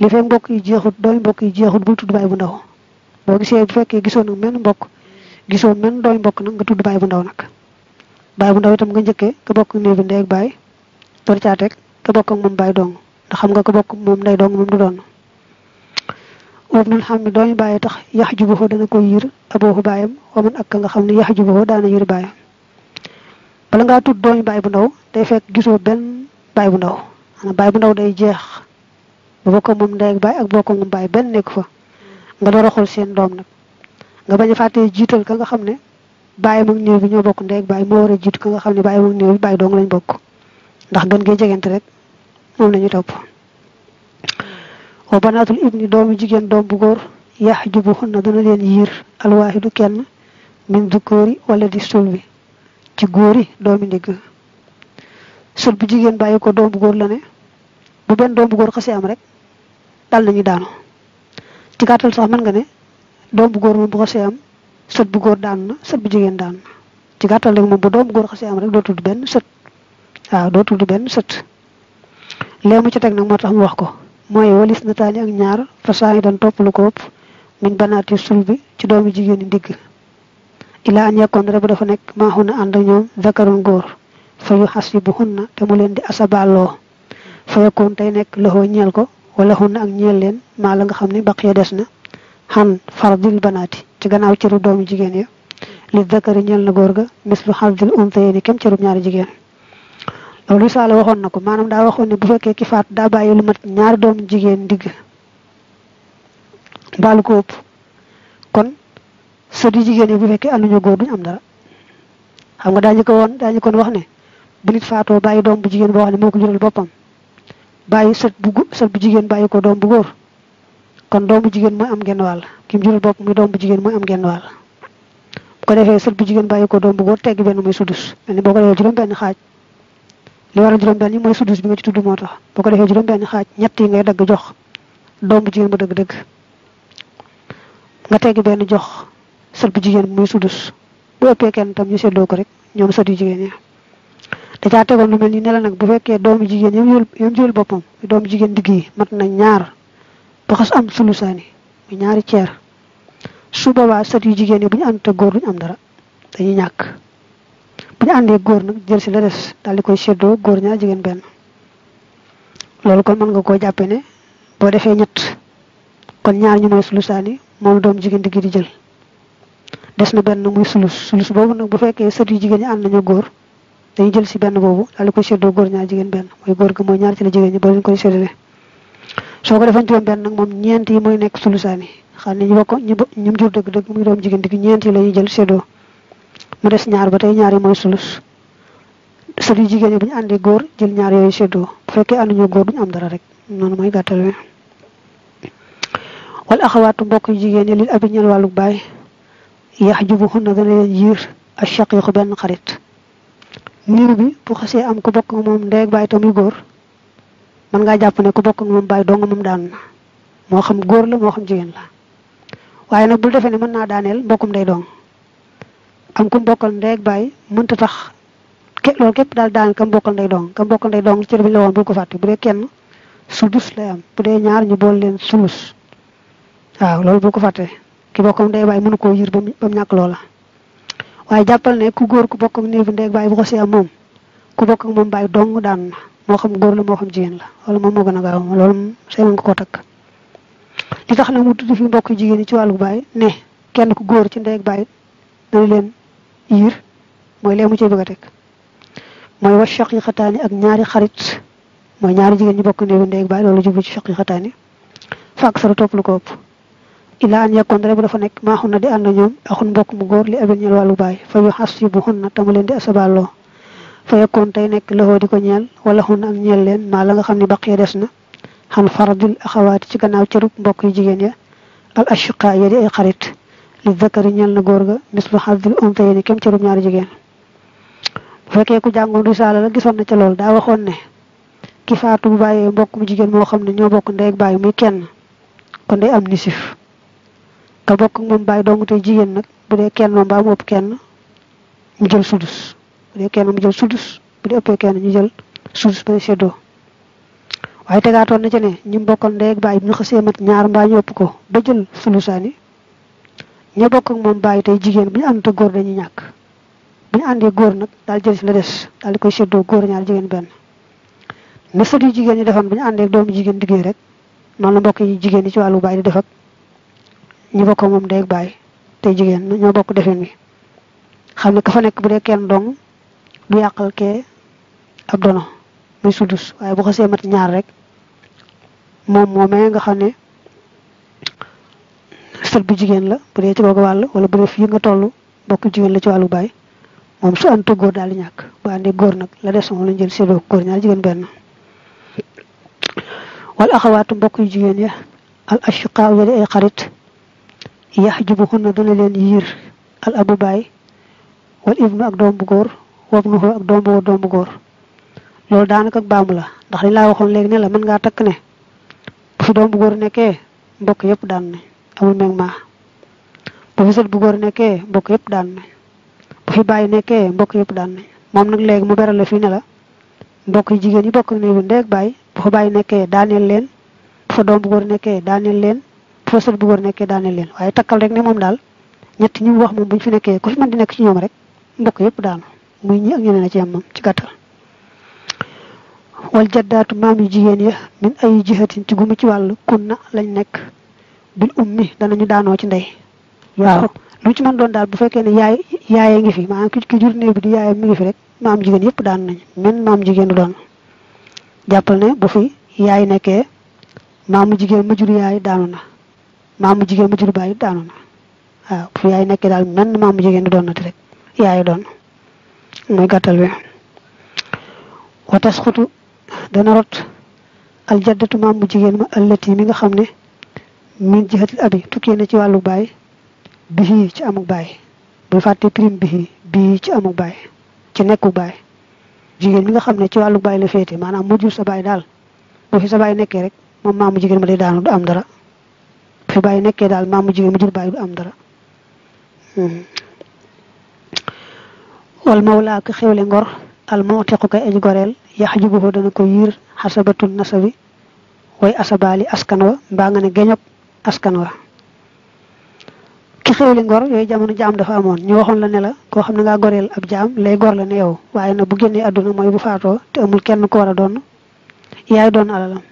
li fekk mbokk yi jeexut doomi mbokk yi jeexut bul tudd baay bu ndaw boo gisee bu fekkee gisoo nag menn mbokk gisoo menn doomi mbokk nag nga tudd baay bu ndaw nag baay bu ndaw itam nga njëkkee ka bokk néew bi ndey ak baay caa teg ka bokk ak moom baay dong xam nga ka bokk moom ndey dong moom du doon xam ne doomi baay tax yax jubaxoo dana ko yiir abooxu baayam waman ak ka nga xam ne yax jubaxoo daana yiir baay bala ngaa tudd doomi baay bu ndaw day fekk gisoo benn baay bu ndaw maanaam baay bu ndaw day jeex bu bokk moom ndey ak baay ak bokk moom baay benn nekk fa nga door a seen doom nag nga bañ a fàtte jiital ka nga xam ne baay mag néew bi ñoo bokk ndey baay moo war a jiitu ka nga xam ne baay mag néew bi baay dong lañ bokk ndax gën gee jegante rek moom lañu topp wa banaatul ibni doomu jigéen doom bu góor yax jubu xun na dana leen yiir du kenn min dukkoori wala di sul bi ci góori doomi ndigg sul bu jigéen bàyyi ko doom bu góor la ne bu benn doom bu góor xasee am rek dal nañu daanu ci gàttal sax mën nga ne doom bu góor moom bu xasee am sët bu góor daanu na sët bu jigéen daanu na ci gàttal rek moom bu doom bu góor xasee am rek doo tudd benn sët waaw doo tudd benn sët lee mu ci teg nag moo tax mu wax ko mooy walis na taali ak ñaar façaa yi doon topp lu ko ëpp muñ banaati sul bi ci doom doomu jigéen yi ndigg ilaa an yekkoon rek bu dafa nekk maa na ànd ak ñoom zakarun góor fa yu xas yi bu xun na te mu leen di asabaaloo fa yekkoon nekk loxoo ñeel ko wala xun na ak ñeel leen maa la nga xam ne baqiya des na xan fardil banaati ci gannaaw cëru doomu jigéen ya li zakari ñeel na góor ga mislu xazdil unsayni kem cërub ñaari jigéen loolu isaala waxoon na ko maanaam daa waxoon ne bu fekkee ki faat daa bàyyi lu mat ñaari doomu jigéen digg baalu ko ëpp kon sët yu jigéen yi bu fekkee ànduñu góor duñu am dara xam nga daañu ko woon daañu kon wax ne bu nit faatoo bàyyi doom bu jigéen boo xam ne moo ko jural boppam bàyyi sët bu sët bu jigéen bàyyi ko doom bu góor kon doom bu jigéen mooy am genn wàll kim jural bopp muy doom bu jigéen mooy am genn wàll bu ko defee sët bu jigéen bàyyi ko doom bu góor tegg benn muy sudus mel ni boo ko defee juróom-benn xaaj li waral juróom-benn yi mooy sudus bi nga ci tudd moo tax boo ko defee juróom-benn xaaj ñett yi ngay dagg jox doom bu jigéen bu dëgg-dëgg nga benn jox sët bu jigéen muy sudus bu ëppee kenn tam ñu seddoo ko rek ñoom sët yu jigéen ñi da caa lu mel ni ne nag bu fekkee doomu jigéen yam yul yam jël boppam doomu jigéen digg yi mat na ñaar ba xas am sulusaani mu ñaari ceer su boobaa sët yu jigéen yi bu ñu ànd te góor duñu am dara dañuy ñàkk bu ñu àndee góor nag jël si la des daal di koy seddoo góor ñaar jigéen benn loolu kon mën nga koo jàppe ne boo defee ñett kon ñaar ñu mooy sulusaani moom doomu jigéen digg di jël des na benn muy sulus sulus boobu nag bu fekkee sët yu jigéen ñi ànd nañu góor dañu jël si benn boobu daal di koy séddoo góor ñaar jigéen benn mooy góor gi mooy ñaar ci la jigéen ñi ba duñ koy séddale soo ko defee juróom benn nag moom ñeent yi mooy nekk sulusaani xam ne ñu bokk ñu ñu jur dëgg dëgg muy doom jigéen digi ñeent yi la ñuy jël séddoo mu des ñaar ba tey ñaar yi mooy jigéen ñi bu ñu àndee góor jël ñaar yooyu séddoo bu fekkee ànduñoo góor duñu am dara rek noonu mooy gàttal wi wal axawaatu mbokk yu jigéen ñi lil abi ñeel wàllu baay yax jubu xun na dana leen yiir ak chaqiqu benn xarit liir bi bu xasee am ku bokk moom ndey ak baay tam yu góor mën ngaa jàpp ne ku bokk ak moom baay dong moom daan na moo xam góor la moo xam jigéen la waaye nag bul defee ne mën naa daaneel mbokkum day dong am ku bokkal ndey ak baay mënta tax loolu képp daal daan kam bokkal ndey dong kam bokkal ndey dong ci bi la woon bul ko fàtte bu dee kenn sulus lay am bu dee ñaar ñu bool leen sulus waaw loolu bul ko fàttee ki bokkam ndey baay mënu koo yër ba mu ñàkk loola waaye jàppal ne ku góor ku bokk ak néegu ndey ak baay bu xasee moom ku bokk moom baay dong daan moo xam góor la moo xam jigéen la wala moom moo gën a gaaw loolu seen nga ko takk li tax na mu tudd fi mbokk jigéen yi ci wàllu baay ne kenn ku góor ci ndey ak baay leen yiir mooy lee mu cee ka a teg mooy wa shaqiqataani ak ñaari xarit mooy ñaari jigéen ñu bokk néegu ndey ak baay loolu jublu ci shaqiqataani fàq sara topp lu ko ilaa an yakun rek bu dafa nekk maa na di ànd ñoom axun mbokk mu góor li abin ñel wàllu baay fa yu xas si bu xunna tamu leen di asaballoo fa yakun tey nekk loxo di ko ñeel wala xunna ak ñeel leen maa la nga xam ne baqiya des na xam faradil axawaati ci gannaaw cërub mbokk yi jigéen ya al ashiqa ya di ay xarit li zakari ñeel na góor ga mislu xadil untayni kem cërub ñaari jigéen bu fekkee ku jàngoon risaala la gisoon na ca lool daa waxoon ne ki faatu bu bàyyee mbokk mu jigéen moo xam ne ñoo bokk ndey ak bàyyi muy kenn kon day am nisif nga bokk moom baay dong tey jigéen nag bu dee kenn mbaa mu ëpp kenn mu jël sudus bu dee kenn mu jël sudus bu dee ëppee kenn ñu jël sudus ba seddoo waaye tegaatoon na ci ne ñu bokkoon ndey ak baay bu ñu xasee mat ñaar mbaa ñu ëpp ko ba jël sulusaani ña bokk ak moom baay tey jigéen bu ñu ànd góor dañuy ñàkk àndee góor nag daal jël si la des daal di koy seddoo góor ñaar jigéen benn ne sët yu jigéen ñi defoon bu ñu àndee doomu jigéen liggéey rek noonu la mbokk jigéen yi ci wàllu baay di ñu bokk moom day baay tey jigéen ñoo bokk defin wi xam ne ka fa nekk bu dee kenn doŋ du yàqal kee ab dono muy sudus waaye bu xasee mat ñaar rek moom moomee nga xam ne sët bu jigéen la bu dee ci booga wàll wala bu dee fii nga toll bokk jigéen la ci wàllu baay moom su ànd góor daal di ñàkk bu àndee góor nag la des moom lañ jël séddoo góor ñaar jigéen benn wala axawaatu mbokk jigéen ya al ashiqaa ay xarit yax jubuhunna dana leen yiir al abu baay wal ibnu ak doom bu góor wabnuhu ak doom bu doom bu góor loolu daanaka ak baamu la ndax dañ laa waxoon léegi ne la mën ngaa takk ne bu fi doom bu góor nekkee mbokk yëpp daan ne amul meeg maa bu fi sët bu góor nekkee mbokk yépp daan ne bu fi bàyyi yëpp daan ne moom nag léegi mu beral la fi ne la mbokk yi jigéen yi bokk ne bu ndeeg bàyyi bu fa bàyyi nekkee daaneel leen bu fa doom bu góor nekkee daaneel leen professeur bu nekkee daaneel leen waaye takkal rek ne moom daal ñett ñi mu wax moom bu ñu fi nekkee ku fi mën di nekk ci ñoom rek mbokk yépp daanu muy ñi ak ñeneen a ci am moom ci gàttal wal jaddaatu maam yu jigéen ya min ay ci gumu ci wàllu kunna lañ nekk bil ummi danañu daanoo ci ndey waaw lu ci mën doon daal bu fekkee ne yaay yaayee ngi fi maanaam ki jur mi ngi fi rek maam jigéen yëpp daan nañ men maam jigéen du doon jàppal ne bu fi yaay nekkee maamu jigéen ma jur yaay daanu na maamu jigéen bu jur bàyyi daanu na waaw fu yaay nekkee daal mel ni maamu jigéen di doon nati rek yaay doon mooy gàttal bi wa tasxutu dana rot aljaddatu maam bu jigéen ma allati mi nga xam ne min jihatil abi tukkee ci wàllu baay bii ci amuk baay bu fàtte prime bii bii ci amuk baay ci nekku baay jigéen mi nga xam ne ci wàllu baay la féete maanaam moo jur sa baay daal bu fi sa baay nekkee rek moom maamu jigéen ma day daanu du am dara fi bàyyi nekkee daal maam mu jigéen mu jur bàyyi du am dara wal mawla ak xewle ngor al mootiqu kay aj goreel yaxjubuhu dana ko yiir xasabatul nasabi way asabaali askan wa mbaa nga ne geñog askan wa ki xewle ngor yooyu jamono jaam dafa amoon ñu waxoon la ne la koo xam ne ngaa goreel ab jaam lay gor la ne yow waaye na bu génnee àdduna mooy bu faatoo te amul kenn ko war a doon yaay doon alalam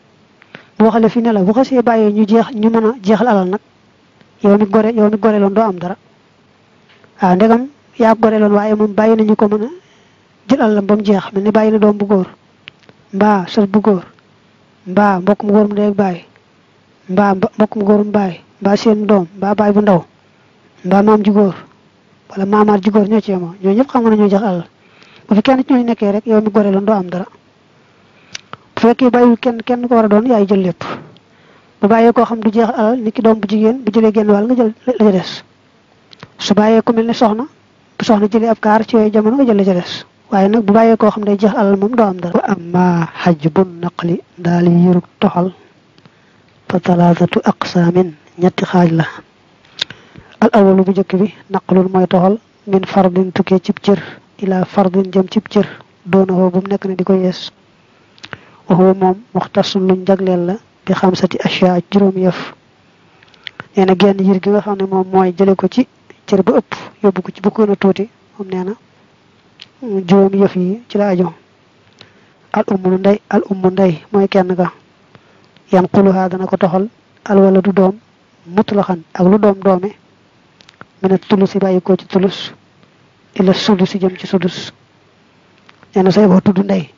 mu wax la fi ne la bu xasee bàyyee ñu jeex ñu mën a jeexal alal nag yow mi gore yow mi gore loon doo am dara waaw ndegam yaa gore loon waaye moom bàyyi nañu ko mën a jël alalam ba mu jeex mel ni bàyyi na doom bu góor mbaa sët bu góor mbaa mbokk góor mu dee bàyyi mbaa mbokk mu góor mu bàyyi seen doom mbaa bàyyi bu ndaw mbaa maam ju góor wala maamaat ju góor ñoo ci ñoo ñëpp xam nga ne ñoo jeex alal bu fi kenn ci ñooñu nekkee rek yow mi gore loon doo am dara fekk fekkee bàyyiwul kenn kenn ko war a doon yaay jël lépp bu bàyyee koo xam du jeex alal nit ki doom bu jigéen bu jëlee genn wàll nga jël la ca su bàyyee ku mel ne soxna soxna jëlee ab kaar ci yooyu jamono nga jël la ca des waaye nag bu bàyyee koo xam day jeex alal moom doo am dara. wa amma xaj bu naqli daal di toxal fa talaatatu aqsaamin ñetti xaaj la al awalu bu njëkk bi naqlul mooy toxal min fardin tukkee cib cër ila fardin jëm cib cër doona woo nekk ne di ko yees. waxu moom muxtasun luñ jagleel la bi xamsati asyaa ak juróom yëf nee na genn yër gi nga xam ne moom mooy jële ko ci cër ba ëpp yóbbu ko ci bu tuuti moom nee na juróom yëf yi ci la aju al ummu ndey al ummu ndey mooy kenn ka yan xuluhaa dana ko toxal al wala du doom mutlaxan ak lu doom doome mine tulus yi bàyyi ko ci tulus illa sudus yi jëm ci sudus nee na say boo tudd ndey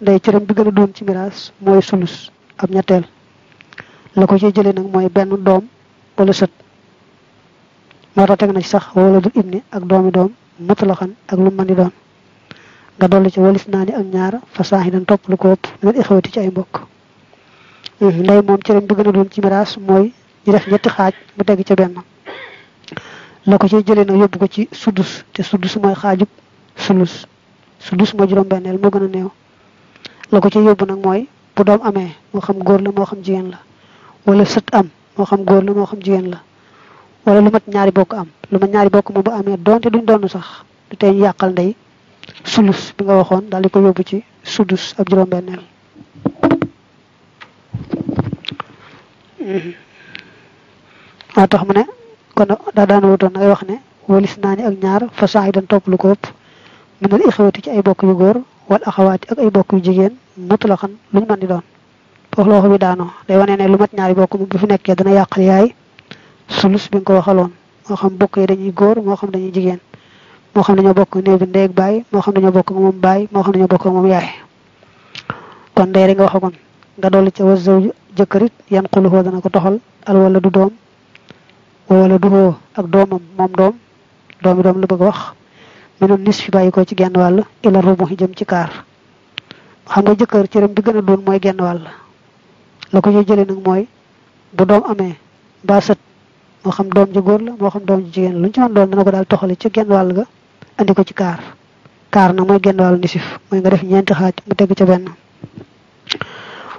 ndey cëram bi gën a doon ci miraas mooy sulus ab ñetteel la ko ciy jëlee nag mooy benn doom wala sët moo tax teg na ci sax wala du ibni ak doomi doom mutlaxan ak lu mën di doon nga dool ci walis naa ni ak ñaar fa saaxi dañ topp lu ko ëpp leen ixawati ci ay mbokk hmm, ndey moom cëram bi gën a doon ci miraas mooy ñu def ñetti xaaj mu teg ca benn la ko ciy jëlee nag yóbbu ko ci sudus te sudus mooy xaajub sulus sudus mooy juróom-benneel moo gën a néew loo ko ci yóbbu nag mooy bu doom amee moo xam góor la moo xam jigéen la wala sët am moo xam góor la moo xam jigéen la wala lu mat ñaari bokk am lu mat ñaari bokk moom bu amee donte duñ doon sax du tey ñu yàqal ndey sulus bi nga waxoon daal di ko yóbbu ci sulus ab juróom-benneel waa tax mu ne kon daa daan wutoon dangay wax ne walis naa ni ak ñaar fa saa yi dañ topp lu ko ëpp minal ixawati ci ay bokk yu góor wal axawaati ak ay bokk yu jigéen mutlaxan luñ mën di doon foofu la wax bi daanoo day wane ne lu mat ñaari bokk bu fi nekkee dana yàqal yaay sulus bi ko waxaloon moo xam bokk yi dañuy góor moo xam dañuy jigéen moo xam dañoo bokk néew bi baay moo xam dañoo bokk ak moom baay moo xam dañoo bokk ak moom yaay kon ndey rek nga waxagoon nga dolli ca was zawju jëkkërit yan xuluxoo dana ko toxal al wala du doom du duhoo ak doomam moom doom doomi doom lu bëgg wax minul nis fi bàyyi ci genn wàll ila rubu jëm ci kaar xam nga jëkkër cëram bi gën a doon mooy genn wàll la ko ñuy jëlee nag mooy bu doom amee mbaa sët moo xam doom ji góor la moo xam doom ji jigéen la lu ñu ci mën doon dana ko daal toxale ci genn wàll ga andi ko ci kaar kaar na mooy genn wàllu nisif mooy nga def ñeenti xaaj mu teg ca benn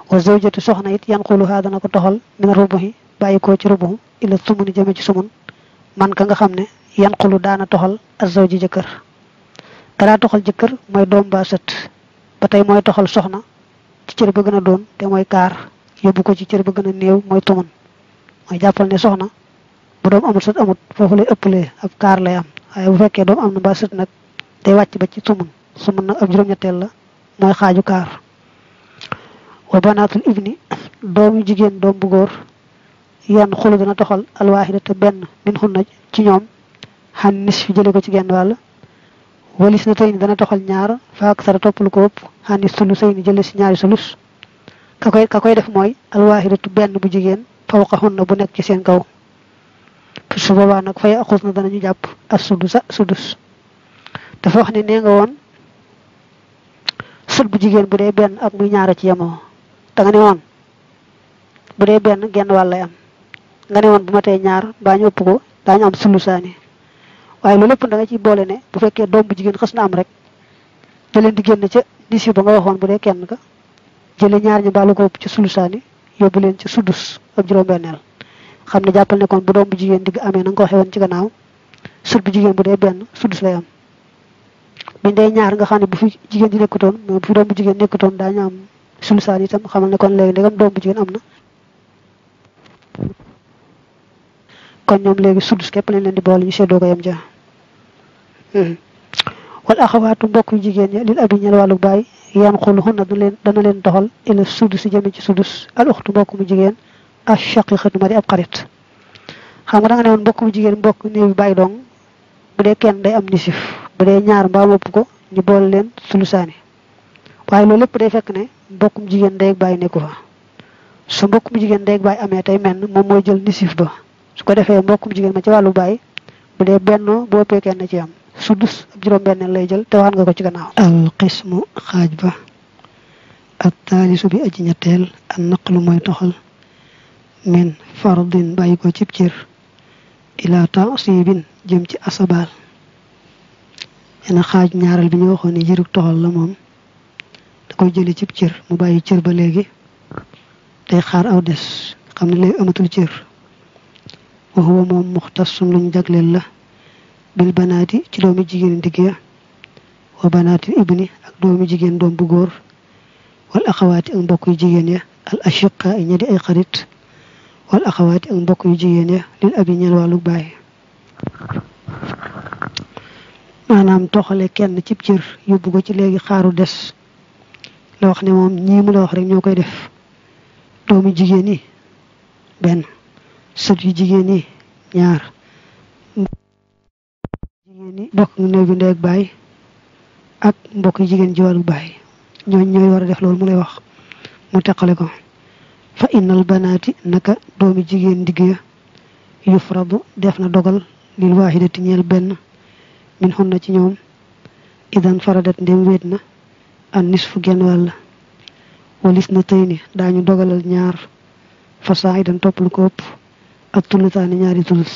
wa zawjatu soxna it yanquluha dana ko toxal min rubuhi bàyyi ko ci rubuhu ila sumuni jëme ci sumun man ka nga xam ne yanqulu daana toxal az zawji jëkkër kalaa toxal jëkkër mooy doom ba sët ba tey mooy toxal soxna ci cër ba gën a doon te mooy kaar yóbbu ko ci cër ba gën a néew mooy tumun mooy jàppal ne soxna bu doom amut sët amut foofu lay ëppalee ab kaar lay am waaye bu fekkee doom am na ba sët nag day wàcc ba ci tumun sumun nag ab juróom-ñetteel la mooy xaaju kaar wa banaatul ibni doomu jigéen doom bu góor yan xulu dana toxal alwaahida te benn min na ci ñoom xan nis fi jële ko ci genn wàll walis na tey dana toxal ñaar fa ak sara topp ko ëpp xani sulu sëy ni jële si ñaari sulus ka koy ka koy def mooy alwaahidatu benn bu jigéen fawqa hunna bu nekk ci seen kaw su boobaa nag fay na danañu jàpp ak sudusa sudus dafa wax ne nee nga woon sut bu jigéen bu dee benn ak muy ñaara ci yemoo da nga ne bu dee benn genn wàll am nga ne woon bu ma tey ñaar mbaa ñu ëpp ko daañu am sulusaani waaye loolu lépp da nga ciy boole ne bu fekkee doom bu jigéen xas na am rek da leen di génn ca nisf ba nga waxoon bu dee kenn ka jële ñaar ñu baalu ko ci sulusaani yóbbu leen ci sudus ak juróom-benneel xam ne jàppal ne kon doom bu jigéen digg amee na nga ko ci gannaaw sut bu bu dee benn sudus lay am biñ dee ñaar nga xam ne bu fi jigéen di nekkutoon mais bu fi doom bu jigéen nekkutoon daañu am sulusaan itam xamal ne kon léegi ndegam doom bu jigéen am na kon ñoom léegi sudus képp lañ leen di boole ñu seddoo ko yem ja wal axawaatu mbokk yu jigéen ña lil abi ñel wàllu baay yan xulhunna du leen dana leen doxal ila si jëme ci sudus al uxtu mbokk mu jigéen ak shaqiqatu ma di ab xarit xam nga da nga ne woon mbokk mu jigéen mbokk néew kenn day am nisif bu ñaar mbaa ko ñu boole leen sulusaani waaye loolu lépp day fekk ne mbokkum jigéen ndey ak baay nekku fa su mbokkum jigéen ndey ak baay amee tey menn moom mooy jël nisif ba su ko defee mbokkum jigéen ma ci wàllu baay bu dee benn boo pee kenn ci am sudus ab juróom-benneel lay jël te waxan nga ko ci gannaaw al qismu xaaj ba ak taalisu bi aji ñetteel naq naqlu mooy toxal min fardin bàyyi ko cib cër ila taasibin jëm ci asabal yena xaaj ñaareel bi ñu waxoon ni jërug toxal la moom da koy jële cib cër mu bàyyi cër ba léegi day xaar aw des xam ne lay amatul cër wa huwa moom muxtasum luñ jagleel la bil banaati ci doomi jigéen ndigee wa banaati ibni ak doomi jigéen doom bu góor wal ak mbokk yu jigéen ya al ashiqa ña di ay xarit wal axawaati yu jigéen ya lil baay maanaam toxale kenn cib cër yóbbu ko ci léegi xaaru des la wax ne moom ñii mu la wax rek ñoo koy def doomi jigéen yi benn sët yu jigéen yi ñaar ñeeni bokk néeg bi ndeeg baay ak mbokk yi jigéen ji warul baay ñooñ ñooy war a def loolu mu lay wax mu teqale ko fa innal banaati naka doomi jigéen digg ya yufradu def na dogal lil waahidati ñeel benn min xun na ci ñoom idan faradat ndem wéet na an nisfu genn wàll walis na tey ni daañu dogalal ñaar fa saa idan topp ko ëpp ak tulutaani ñaari tulus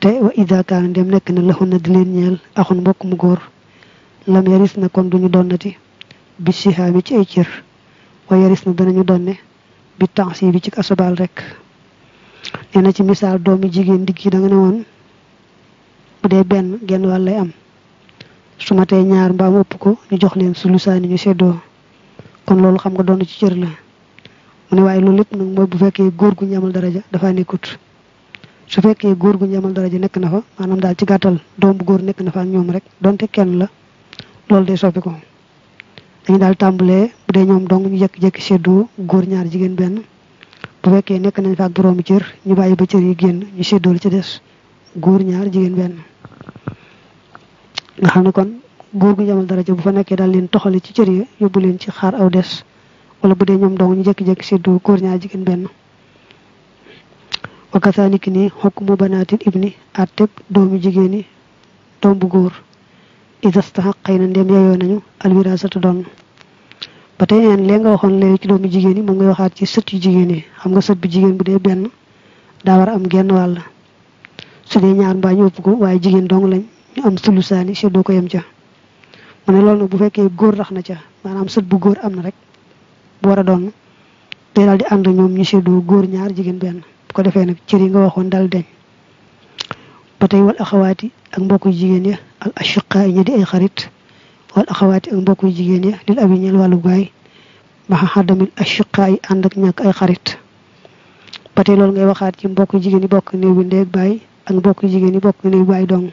te wa ida kaana ndem nekk na laxun na di leen ñeel axun mbokk mu góor lam yaris na kon duñu donnati bi sihaa bi ci ay cër wa yaris na danañu donne bi tensi bi ci asobal rek nee na ci misaal doomi jigéen digg yi da ne woon bu dee benn genn wàll lay am su ma tee ñaar mbaam ëpp ko ñu jox leen su lusaani ñu seddoo kon loolu xam nga doon ci cër la mu ne waaye loolu lépp nag mooy bu fekkee góor gu ñu amal daraja dafa nekkut su fekkee góor gu ñu amal ji nekk na fa maanaam daal ci gàttal doom bu góor nekk na fa ak ñoom rek donte kenn la loolu day soppi ko dañu daal tàmbalee bu dee ñoom dong ñu jékki-jékki séddoo góor ñaar jigéen benn bu fekkee nekk nañ fa ak boroomi cër ñu bàyyi ba cër yi génn ñu séddoo ci des góor ñaar jigéen benn nga xam ne kon góor gu ñu amal dara ji bu fa nekkee daal leen toxali ci cër yi yóbbu leen ci xaar aw des wala bu dee ñoom dong ñu jekki jekki seddoo góor ñaar jigéen benn wakasaaniki ni xukmu banaatil ibni atteb doomi jigéeni doom bu góor idastaxaq xëy na ndem yeyoo nañu alwirasatu doon ba tey neen léegi nga waxoon léegi ci doomi jigéen yi moom ngay waxaat ci sët yu jigéen yi xam nga sët bu jigéen bu dee benn daa war am genn wàlla su dee ñaar mbaa ëpp ko waaye jigéen dong lañ ñu am sulu saani seddoo ko yem ca mu ne loolu nag bu fekkee góor rax na ca maanaam sët bu góor am na rek bu war a doon day di ànd ñoom ñu seddoo góor ñaar jigéen benn bu ko defee nag cër yi nga waxoon daal deñ ba tey wal axawaati ak mbokku jigéen ya ak ashiqaa yi ña di ay xarit wal ak mbokku jigéen ya lil abi ñeel wàllu baay maxa ànd ak ñàkk ay xarit ba tey loolu ngay waxaat ci mbokku jigéen yi bokk néew bi ndeeg baay ak mbokku jigéen yi bokk néew baay dong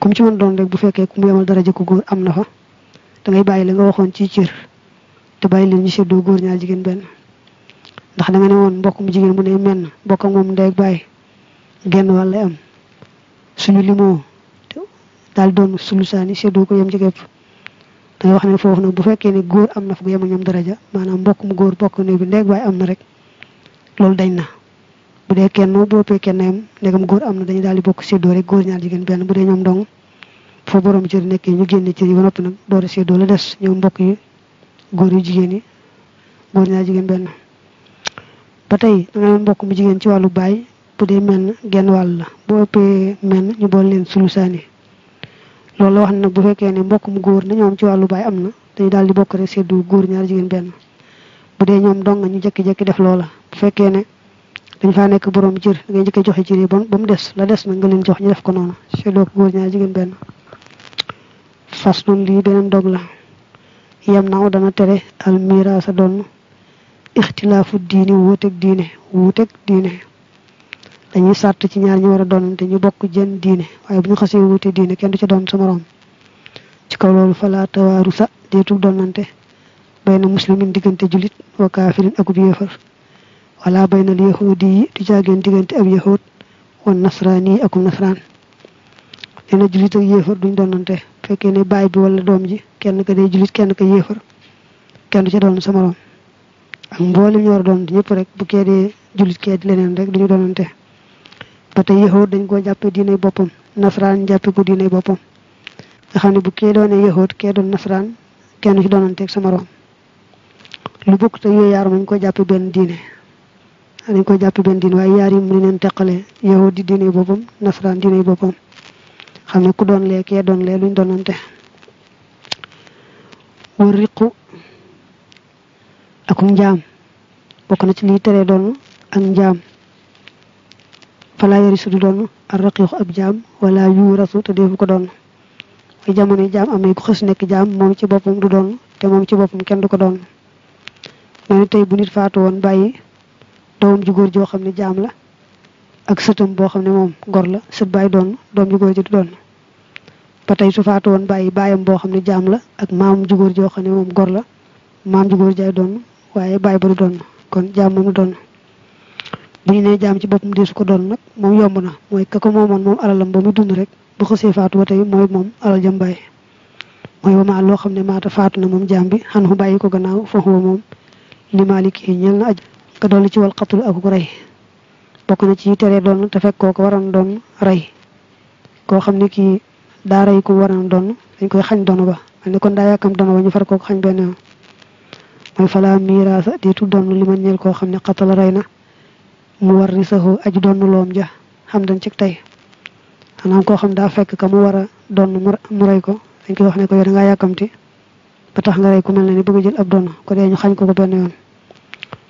comme ci mën doon rek bu fekkee ku mu yemal daraja ku góor am na fa da bàyyi la nga waxoon ci cër te bàyyi leen ñu seddoo góor ñaar jigéen benn ndax da nga ne woon mbokk mu jigéen bu ne menn na ak moom ndey ak baay genn wàll am suñu limoo daal doon sulusaani seddoo ko yem ci képp dangay wax ne foofu nag bu fekkee ne góor am na fu yemul ñoom daraja maanaam mbokk góor bokk néeg bi ndey ak am na rek loolu dañ na bu dee kenn boppee kenn yem ndegam goor am na dañu daal di bokk seddoo rek góor ñaar jigéen benn bu dee ñoom dong foo borom cër nekkee ñu génne cër yi ba noppi nag door a seddoo la des ñoom mbokk yi yu jigéen yi góor ñaar jigéen benn ba tey nga mbokk mu jigéen ci wàllu baay bu dee menn genn wàll la boo ëppee menn ñu bool leen sulusaani loolu wax na bu fekkee ne mbokk mu góor ne ñoom ci wàllu baay am na dañu daal di bokk rek sedd góor ñaar jigéen benn bu dee ñoom dong ñu jékki-jékki def loola bu fekkee ne dañ faa nekk borom jër ngay njëkk joxe jër bon ba mu des la des na nga leen jox ñu def ko noonu seddoo ko góor ñaar jigéen benn fas nun lii beneen dog la yem naaw dana tere almira sa donn ixtilaafu diini wuuteeg diine wuuteeg diine dañuy sàrt ci ñaar ñu wara a doonante ñu bokk jenn diine waaye bu ñu xasee wuute diine kenn du ci doon sa moroom ci kaw falaata falaa tawaaru sa deetul doonante bayna muslimin diggante julit wa kaafirin akub yéefar wala baynal yahuudi yi du caageen diggante ab yahuud wan nasraani yi akub nasraan nee na ak yéefar duñ doonante fekkee ne baay bi wala doom ji kenn ka day julit kenn ka yéefar kenn du ci doon sa moroom ak mboolem ñoor doon ñëpp rek bu kee dee leneen rek duñu doonante ba te yahood dañ koo jàppe diinay boppam nasaraan jàppe ko diinay boppam nga xam ne bu kee doonee yahood kee doon nasaraan kenn ci doonanteeg sa moroom lu bokk te yooyu yaar mañ ko jàppe benn diine dañ ko jàppe benn diine waaye yaar yi mu leen teqale yahood di diinay boppam nasaraan diinay boppam xam ne ku doon lee kee doon lee luñ doonante war ak njaam bokk na ci liy teree doonu ak njaam falaa yarisu du doonu ar raqiiqu ab jaam wala yuurasu te deefu ko doonu mooy jamono jaam amee ku xës nekk jaam moom ci boppam du doonu te moom ci boppam kenn du ko doonu mooy tey bu nit faatu woon bàyyi joo xam ne jaam la ak sëtam boo xam ne moom gor la sët bàyyi doon doom ju góor ji du doon ba tey su faatu woon bàyyi baayam boo xam ne jaam la ak maam ju góor joo xam ne moom gor la maam ju góor jaay doon waaye bàyyi ba du doon kon jaam moom du doon bu ñu nee jaam ci boppam deesu ko doon nag moom yomb na mooy ka ko moomoon moom alalam ba mu dund rek bu xasee faatu ba tey mooy moom alal jam bàyyi mooy ba maa loo xam ne maata faatu na moom jaam bi xan xu bàyyi ko gannaaw foofu ba moom li maalik yi ñeel na aj nga dolli ci wal xatul ak ko rey bokk na ci teree doon te fekk koo ko waroon doon rey koo xam ne kii daa rey ku waroon doon dañ koy xañ doon ba xam ne doon ba ñu ko xañ mooy fala miraasa déetu donn li ma ñeel koo xam ne xatala rey na mu war ni risahoo aji donn loom ja xam dañ ci tey xanaa koo xam daa fekk ka mu war a donn mu rey ko dañ koy wax ne ko yow da ngaa yàkkamti ba tax nga ku mel ne ni bëgg jël ab donn ko xañ ko ko benn yoon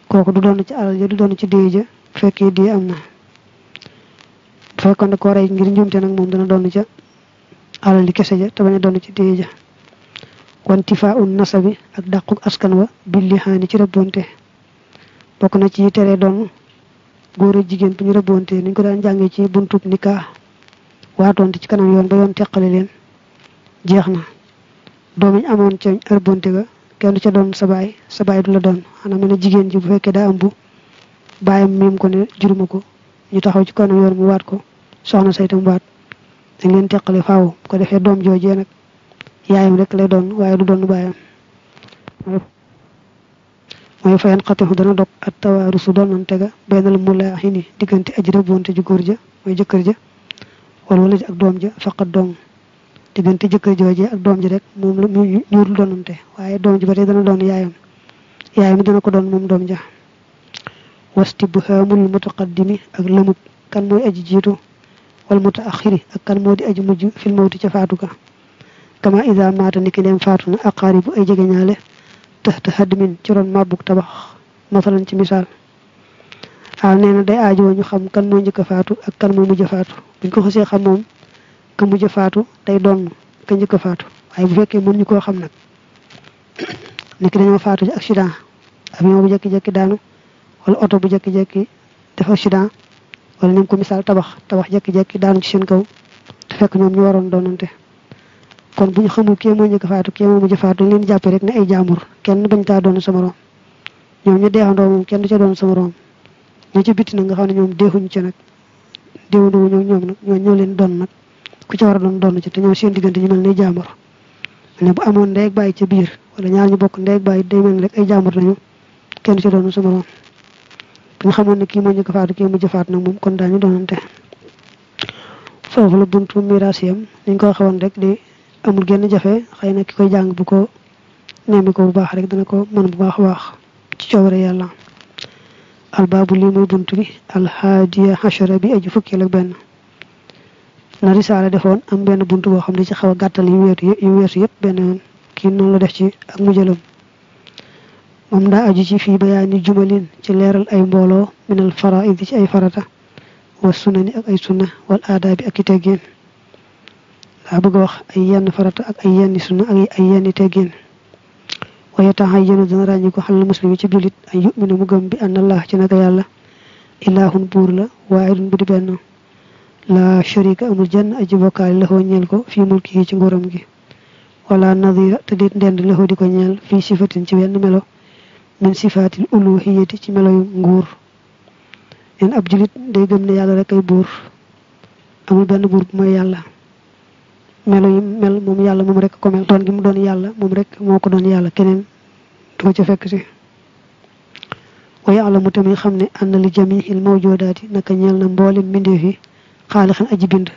kooku du donn ci alal ja du donn ci dee ja bu fekkee dee am na bu fekkoon ne koo rey ngir njuumte nag moom dana donn ja alal di kese ja te bañ a ci dee ja wanti faa nasa bi ak dàqu askan wa billi xaani ci rëbbonte bokk na ci tere doon góor ak jigéen bu ñu rëbbonte ni ko daan jàngee ci buntu buntub nikaa waatoonte ci kanam yoon ba yoon teqale leen jeex na doom doomiñ amoon ca rëbbonte ga kenn ca doon sa baay sa baay du la doon xanaa mel ne jigéen ji bu fekkee daa ëmb bàyyam miim ko ne juruma ko ñu taxaw ci kanam yoon mu waat ko soxna saytam waat dañ leen teqale faaw bu ko defee doom joojee nag yaayam rek lay doon waaye du doon baayam mooy fayan xatixu dana dog ak tawaaru su doon nante ga benn la mulaaxini diggante aji rëbbonte ju góor ja mooy jëkkër ja wala wala ji ak doom ja faqat doom diggante jëkkër joojee ak doom ji rek moom la ñu ñuul doonante waaye doom ji ba tey dana doon yaayam yaayam dana ko doon moom doom ja wasti bu xaamul mutaqaddimi ak lëmut kan mooy aji jiitu wala mutaaxiri ak kan moo di aji mujj fil ca faatu ga kama ida maata ni dem faatu na aqaaribu ay jegeñaale taxta hadmin ci ron màbbuk tabax masalan ci misaal waaw nee na day aajowoo ñu xam kan moo njëkk a faatu ak kan moo mujj a faatu buñ ko xasee xam moom ka mujj a faatu day doon ka njëkk faatu waaye bu fekkee mënuñu koo xam nag nit dañoo faatu ci accident avion bu jekki-jekki daanu wala oto bu jekki-jekki def accident wala ni ko misaal tabax tabax jekki-jekki daanu ci seen kaw te fekk ñoom ñu waroon doonante kon bu ñu xamul kee moo njëkk faatu kee moo mujj faatu dañ leen jàppee rek ay jaamur kenn bañ taa doon ñoom ñu deexandoo moom kenn du ca doon sa morom ñoo ci bitti xam ne ñoom deexuñu ca nag déewandoo ñoom ñoom ñoo ñoo leen doon nag ku ca war a doon doon ci te ñoom seen diggante ñu mel ne jaamur ne bu amoon ndey ak ca biir wala ñaar ñu bokk ndey ak bàyyi day rek ay jaamur nañu kenn du ca doon sa morom bu ñu xamoon ne kii moo njëkk faatu kii mujj faatu nag moom kon daañu doonante foofu la buntu miraas yam dañ ko waxoon rek di amul genn jafe xëy na ki koy jàng bu ko nemmi ko bu baax rek dana ko mën bu baax a baax ci coobare yàlla albaabu lii mooy bunt bi alhaadiya hachara bi aju fukki ak benn na risaala defoon am benn bunt boo xam ne ci xaw a gàttal yu weetu yu weetu yëpp benn ki kii la def ci ak mujjalam moom daa aju ci fii bayaani jumalin ci leeral ay mbooloo minal faraidi ci ay farata wa sunani ak ay sunna wal aadaabi ak i teggeen daa bëgg a wax ay yenn farata ak ay yenn sunna ak ay yenn teggin waaye taxa yénu dana ràññi ko xalal muslim yi ci jullit ay yuminu mu gëm bi an allah ci naka yàlla ilaahun buur la waahidun bu di benn la sharika amul jenn aji bokkaali laxoo ñeel ko fii mulki ci nguuram gi wala nadira te déet ndend laxoo di ko ñeel fii sifatin ci wenn melo min sifaatil uluhiyati ci melo yu nguur neen ab jullit day gëm ne yàlla rek ay buur amul benn buur bu mooy melo yi mel moom yàlla moom rekk ko mel doon gi mu doon yàlla moom rek moo ko doon yàlla keneen doo ca fekk si wa yaalamu te muy xam ne anna li jamiil mawjudaati naka ñeel na mboolem mbindeef yi xaalixan aji bind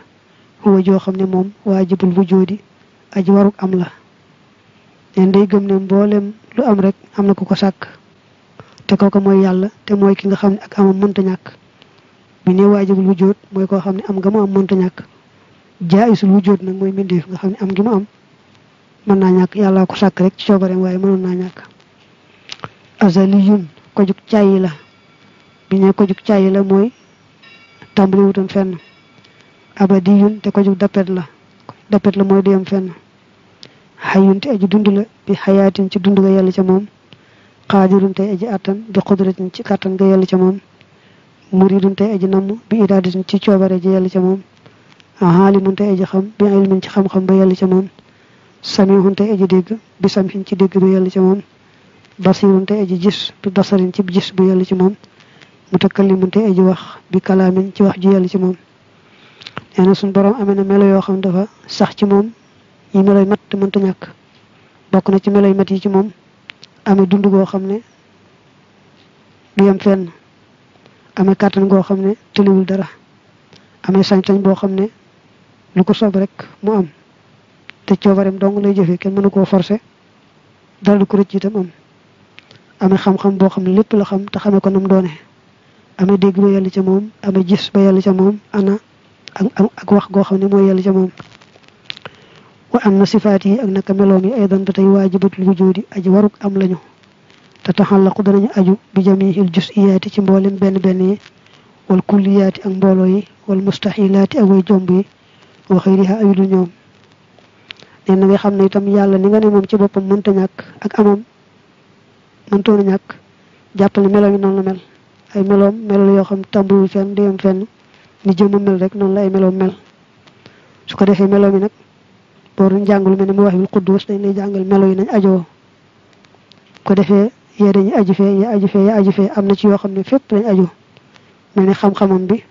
joo xam ne moom waajibul wujuudi aji waruk am la leen day gëm mboolem lu am rek am na ku ko sàkk te kooka mooy yàlla te mooy ki nga xam ne ak amam mënta ñàkk bi ne waajibul wujuud mooy koo xam ne am nga mu am mënta ñàkk jaayisul wujjóot nag mooy mbindeef nga xam ne am gi mu am mën naa ñàkk yàllaa ko sàkk rek ci coobareem waaye mënoon naa ñàkk azaliyun ko jug la bi ñu ko jug la mooy tàmbali wutoon fenn abadiyun te ko jug dappet la dappet la mooy duyam fenn xayun te aji dund la bi xayaatin ci dund ga yàlla ca moom xaadirun tey aji attan bi xudratin ci kàttan ga yàlla ca moom muridun tey aji namm bi iradatin ci coobare ji yàlla ca moom aalimun tey aji xam bi ilmin ci xam-xam ba yàlla ca moom samihun tey aji dégg bi samhin ci dégg ba yàlla ca moom basirun tey aji gis bi basarin ci gis bu yàlla ci moom mutakallimun tey aji wax bi kalaamin ci wax ju yàlla ci moom nee na suñ borom amee na melo yoo xam dafa sax ci moom yi meloy mat te mënta ñàkk bokk na ci melo yi mat yi ci moom amee dund goo xam ne du yem fenn amee kàttan goo xam ne tëliwul dara amee sañ-sañ boo xam ne lu ko soob rek mu am te coobareem dong lay jëfee kenn mënu koo forcer dara du ko rëcc itam am amee xam-xam boo xam ne lépp la xam te xamee ko nam doone amee dégg ba yàlla ca moom amee jis ba yàlla ca moom ana ak wax goo xam ne mooy yàlla ca moom wa am na sifaat yi ak naka meloom yi ay dan ba tey waajibatul wujuudi aji waruk am lañu te taxallaqu danañu aju bi jamiil jusiyaati ci mboolem benn benn yi wal kulliyaati ak mbooloo yi wal mustaxilaati ak way jomb yi wa xayriha du yu ñoom nee na nga xam ne itam yàlla ni nga ne moom ci boppam mënta ñàkk ak amam mëntoon a ñàkk jàppale melo yi noonu la mel ay meloom melo yoo xam tàmbaliwul fenn déyam fenn ni jëmm mel rek noonu la ay meloom mel su ko defee melo yi nag booru njàng lu mel ne mu wax bil quddus dañ lay jàngal melo yi nañ ajoo ko defee yee dañuy aju fee ya aju fee ya aju fee am na ci yoo xam ne fépp lañ aju mel ne xam-xamam bi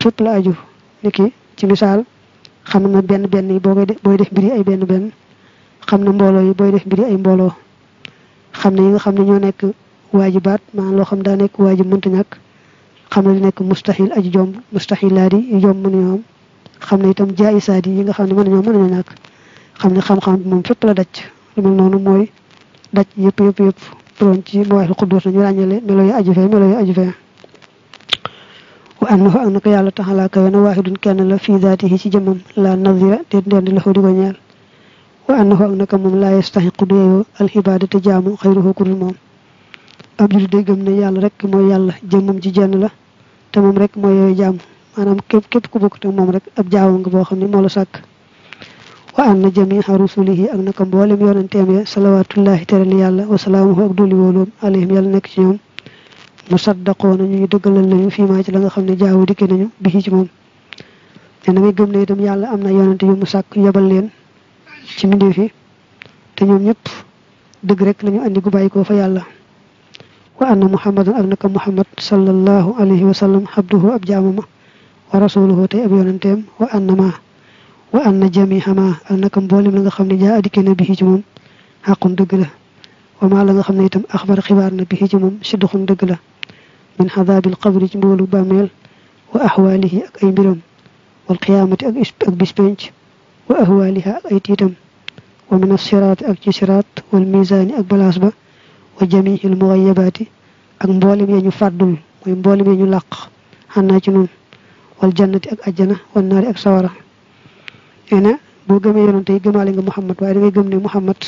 fépp la aju niki ci misaal xam na benn benn yi boo koy booy def mbir yi ay benn benn xam na mbooloo yi booy def mbir yi ay mbooloo xam na yi nga xam ne ñoo nekk waajibaat maanaam loo xam daa nekk waajib mënta ñàkk xam na nekk mustahil aji jomb mustahilaat yi yu jomb mënuñoo am xam na itam jaayisaat yi yi nga xam ne mën nañoo mën nañoo ñàkk xam ne xam-xam bi moom fépp la daj lu mel noonu mooy daj yëpp yëpp yëpp borom ci mawaaxil xudduus nañu ràññale melo yu aju fee melo yu aju fee wa annahu ak naka yàlla taxalaa kawe na waaxidun kenn la fii daatihi ci jëmmam la nazira déet ndend la xoo di ak naka moom laa yastaxiqu du yeyoo alxibaadata jaamu xayruhu kudul moom ab jullit day rek yàlla jëmmam ji jenn la rek mooy yooyu jaamu maanaam képp képp ku bokk te moom rek boo xam ne moo la sàkk wa anna jamiha rusulihi ak mboolem yonenteem ya salawaatullahi teral yàlla wa salaamuhu ak duli wóoloom alayhim yàlla nekk ci ñoom musaddaqoona ñu ñu dëggalal nañu fii maa ci la nga xam ne jaawu dikke nañu bi ci moom te damay gëm ne tam yàlla am na yonante yu mu sàkk yabal leen ci mbindeef yi te ñoom ñëpp dëgg rek lañu andi gu bàyyi koo fa yàlla wa anna muhammadan ak naka muhammad sallallahu alayhi wa sallam abduhu ab jaamama wa rasuluhu tey ab yonanteem wa anna ma wa anna jamihama ak naka mboolem la nga xam ne jaa adikke na bi ci moom xàqun dëgg la wa maa la nga xam ne itam axbar xibaar na bi dëgg la min xadaabil qabri ci mbugalu bàmmeel wa axwaalihi ak ay mbiram wal qiyaamati ak ak bispenc wa ahwaaliha ak ay tiitam wa min asiraati ak ci siraat wal misaani ak balaas ba wa jamiihil mugayabaati ak mboolem ya ñu fàddul mooy mboolem ya ñu làq xannaa ci noonu wal jannati ak ajjana wal naari ak sawara nee na boo gëmee yonante yi gëmaale nga Muhammad waaye dangay gëm ne Muhammad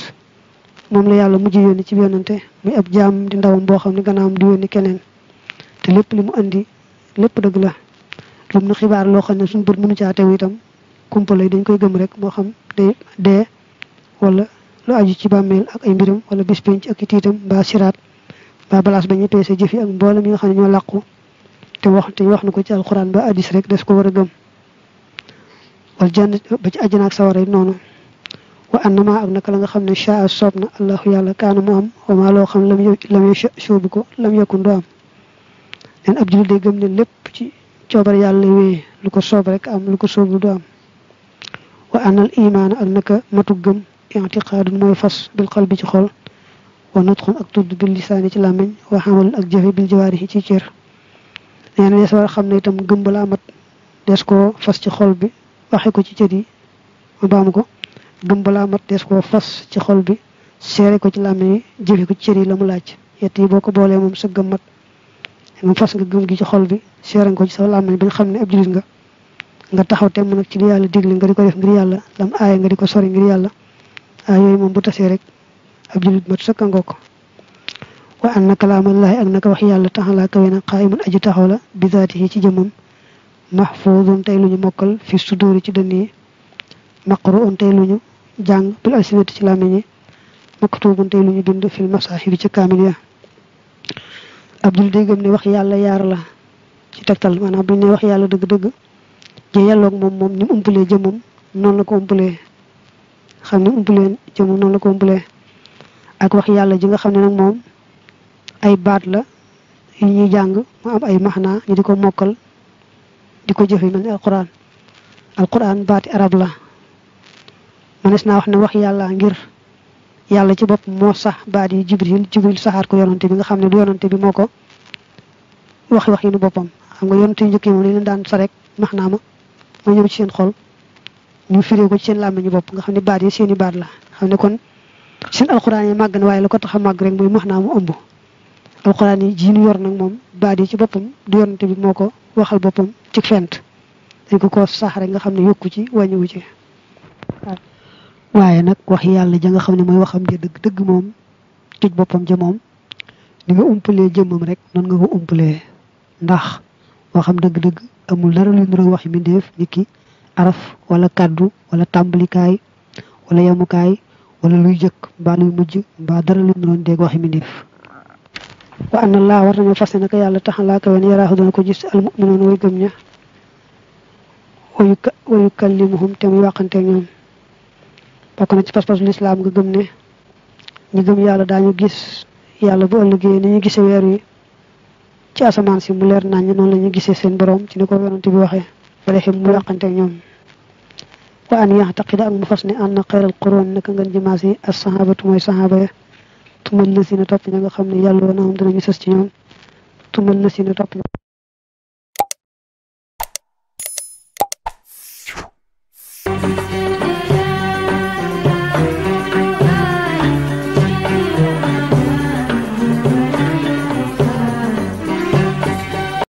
moom la yàlla mujj yónni ci yonante muy ab jaam di ndawam boo xam ne gannaawam di yónni keneen te lépp li mu indi lépp dëgg la lum nu xibaar loo xam ne suñ bët mënu caa teew itam kumpa lay dañ koy gëm rek moo xam de dee wala lu aju ci bàmmeel ak ay mbiram wala bis penc ak i tiitam mbaa siraat mbaa balaas ba ñu peese jëf yi ak mboolem yi nga xam ne ñoo làqu te wax te wax na ko ci alxuraan ba addis rek des ko war a gëm wal jànn ba ci àjjana ak sawara noonu wa annama ak naka la nga xam ne chaa soob na allahu yàlla kaanu mu am wa maa loo xam lam lam ko lam yakun am neen ab jullit day gëm ne lépp ci coobar yàlla wéy lu ko soob rek am lu ko soob du am wa anal imaana ak naka matu gëm intiqaadun mooy fas bil xol bi ci xol wa nutxun ak tudd bil lisaani ci làmmiñ wa ak jëfe bil jawaarihi ci cër nee na des war xam ne itam gëm balaa mat des koo fas ci xol bi waxe ko ci cër yi ma baamu mat des koo fas ci xol bi seere ko ci làmmiñ yi jëfe ko ci cër yi la mu laaj yett yi boo ko boolee moom sa gëm mat mu fasal gëm gi ci xol bi seeran ko ci sa làmmiñ bañ xam ne ab jullit nga nga taxaw temm nag ci li yàlla digle nga di ko def ngir yàlla lam aaya nga di ko sori ngir yàlla aay yooyu moom bu tasee rek ab jullit mat sëkk ngoo ko wa anna kalaamallaahi ak naka wax yàlla tax taxalaa kawe na qaa'imun aji taxaw la bi yi ci jëmmam mahfuudun tey lu ñu mokkal fi yi ci dënn yi maqruun tey lu ñu jàng bil alsinati ci làmmiñ yi maktuubun tey lu ñu bind fil masaahibi ci kaamil ya ab jullit day gëm wax yàlla yaar la ci tegtal maanaam bu ñu nee wax yàlla dëgg-dëgg je yàlloog moom moom ni mu umpalee jëmmam noonu la ko umpalee xam ne umpalee noonu la ko ak wax yàlla ji nga xam ne nag moom ay baat la yu ñuy jàng mu am ay maxnaa ñu di ko mokkal di ko jëfe mel ni alquran alquran baati arab la mënees naa wax ne wax yàlla ngir yàlla ci bopp moo sax baat yi jibril jibril saxaat ko yonante bi nga xam ne du yonante bi moo ko wax wax yi nu boppam xam nga yonante yu njëkk yi moom daan sa max naa ma ma ñëw ci seen xol ñu firee ko ci seen làmmiñu bopp nga xam ne baat yi seen baat la xam ne kon seen alxuraan yi màgg na waaye la ko tax màgg rek mooy max naa mu ëmb alxuraan yi ji nu yor nag moom baat yi ci boppam du bi moo ko waxal boppam ci fent dañ ko ko saxaar nga xam ne yokku ci wàññiwu ci waaye nag wax yàlla ja nga xam ne mooy waxam ja dëgg dëgg moom tuj boppam ja moom ni nga umpalee jëmmam rek noonu nga ko umpalee ndax waxam dëgg-dëgg amul dara lu ñu wax mbindeef nit ki araf wala kàddu wala tàmbalikaay wala yamukaay wala luy jëkk mbaa luy mujj mbaa dara lu ñu doon dégg wax mbindeef wa laa war nañoo fas naka yàlla tax laa kawen yaraaxu dana ko gis almuminoon way gëm ña wayu kallimuhum te muy waxante bokk na ci pas-pasu lislaam nga gëm ne ñu gëm yàlla daañu gis yàlla bu ëllëgee ni ñu gisee weer wi ci asamaan si mu leer nañ noonu la ñu gisee seen boroom ci ni ko yonante bi waxee ba defee mu yàqante ñoom wa an yaxtaqida ak mu fas ne ànd na xayral quroon naka ngeen jimaas yi as sahabatu mooy sahaba ya tumal na si na topp ña xam ne yàlla woon am ñoom si na